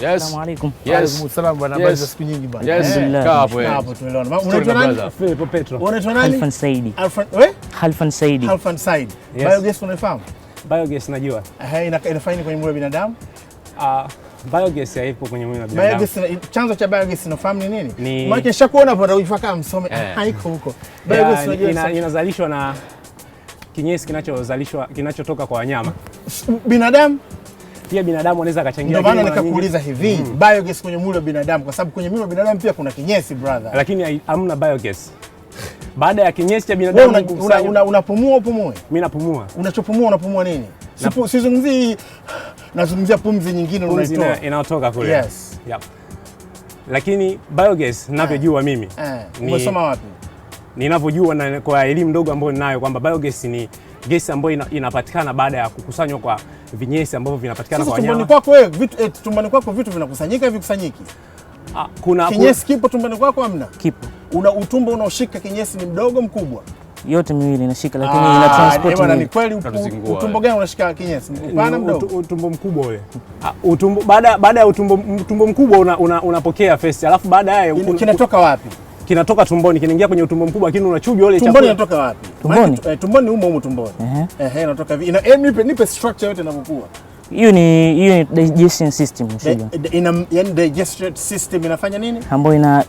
Yes. Yes. Yes. Biogas najua. Eh, inafanya kwenye mwili wa binadamu? Ah, biogas haipo kwenye mwili wa binadamu. chanzo cha biogas unafahamu ni nini? Maana kisha kuona bwana uifaka msome eh. haiko huko. Biogas inazalishwa na kinyesi kinachozalishwa kinachotoka kwa wanyama. Binadamu pia binadamu anaweza akachangia. Ndio maana nikakuuliza hivi mm. biogas kwenye mwili wa binadamu, kwa sababu kwenye mwili wa binadamu pia kuna kinyesi brother, lakini hamna biogas baada ya kinyesi cha binadamu unapumua una, una, una upumue. Mimi napumua. Unachopumua unapumua nini? Sipo sizungumzi nazungumzia pumzi nyingine unaitoa Inatoka kule. Yes. Yep. Lakini biogas ninavyojua eh. mimi. Eh. Umesoma wapi? ninavyojua na kwa elimu ndogo ambayo ninayo kwamba biogas ni gesi ambayo inapatikana baada ya kukusanywa kwa vinyesi ambavyo vinapatikana kwa wanyama. Tumboni kwako wewe vitu eh, tumboni kwako vitu vinakusanyika hivi kusanyiki? Ah, kuna kinyesi kipo tumboni kwako amna? Kipo. Una utumbo unaoshika kinyesi ni mdogo mkubwa? Yote miwili inashika lakini ah, ina transport. Bwana ni kweli utumbo gani unashika kinyesi? Pana mdogo. Utumbo mkubwa ule. Ah, utumbo baada baada ya utumbo mkubwa unapokea una, una, una face alafu baadaye kinatoka wapi? kinatoka tumboni kinaingia kwenye utumbo mkubwa, lakini unachujwa ile chakula. Tumboni inatoka wapi? Tumboni, eh, tumboni humo humo tumboni. Ehe, inatoka hivi. Ina eh, nipe nipe structure yote inavyokuwa. Hiyo ni hiyo ni digestion system mshiba. Ina yani digestion system inafanya nini? Ambayo ina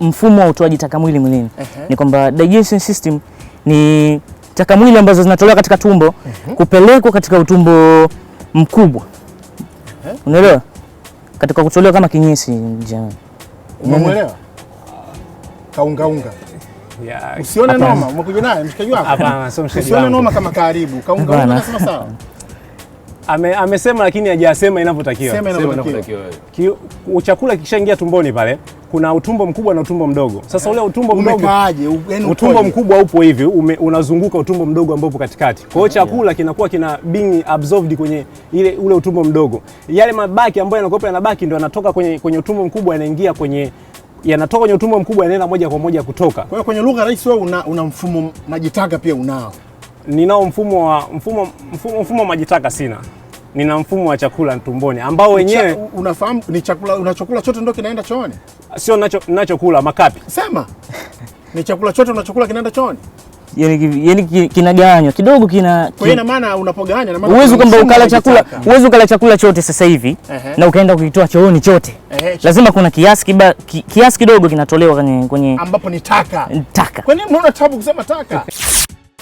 mfumo wa utoaji taka mwili mwilini. Ni kwamba digestion system ni taka mwili ambazo zinatolewa katika tumbo kupelekwa katika utumbo mkubwa. Unaelewa? Katika kutolewa kama kinyesi jamani. Umeelewa? kaungaunga yeah. Usione noma, umekuja naye mshikaji wako? Hapana, sio mshikaji wangu. Usione noma kama karibu kaungaunga, nasema sawa Ame, amesema lakini hajasema inavyotakiwa. Sema inavyotakiwa. Chakula kikishaingia tumboni pale kuna utumbo mkubwa na utumbo mdogo. Sasa ule utumbo mdogo umekaaje? Utumbo mkubwa upo hivi ume, unazunguka utumbo mdogo ambao upo katikati. Kwa hiyo chakula kinakuwa kina being absorbed kwenye ile ule utumbo mdogo. Yale mabaki ambayo yanakopa yanabaki ndio yanatoka kwenye, kwenye utumbo mkubwa yanaingia kwenye yanatoka kwenye utumbo mkubwa yanaenda moja kwa moja kutoka. Kwa hiyo kwenye lugha rahisi wewe una, una mfumo majitaka pia unao? Ninao mfumo wa mfumo, mfumo, mfumo majitaka sina nina mfumo wa chakula tumboni ambao wenyewe unafahamu ni chakula unachokula chote ndio kinaenda chooni? Sio ninachokula makapi. Sema. ni chakula chote unachokula kinaenda chooni? yani kinagawanywa kidogo kina, kwa ina maana unapogawanya na maana uwezo kwamba ukala chakula uwezo ukala chakula chote sasa hivi uh -huh. na ukaenda kuitoa chooni chote uh -huh. lazima kuna kiasi kiba, ki, kiasi kidogo kinatolewa kwenye kwenye ambapo ni taka taka. Kwa nini unaona tabu kusema taka?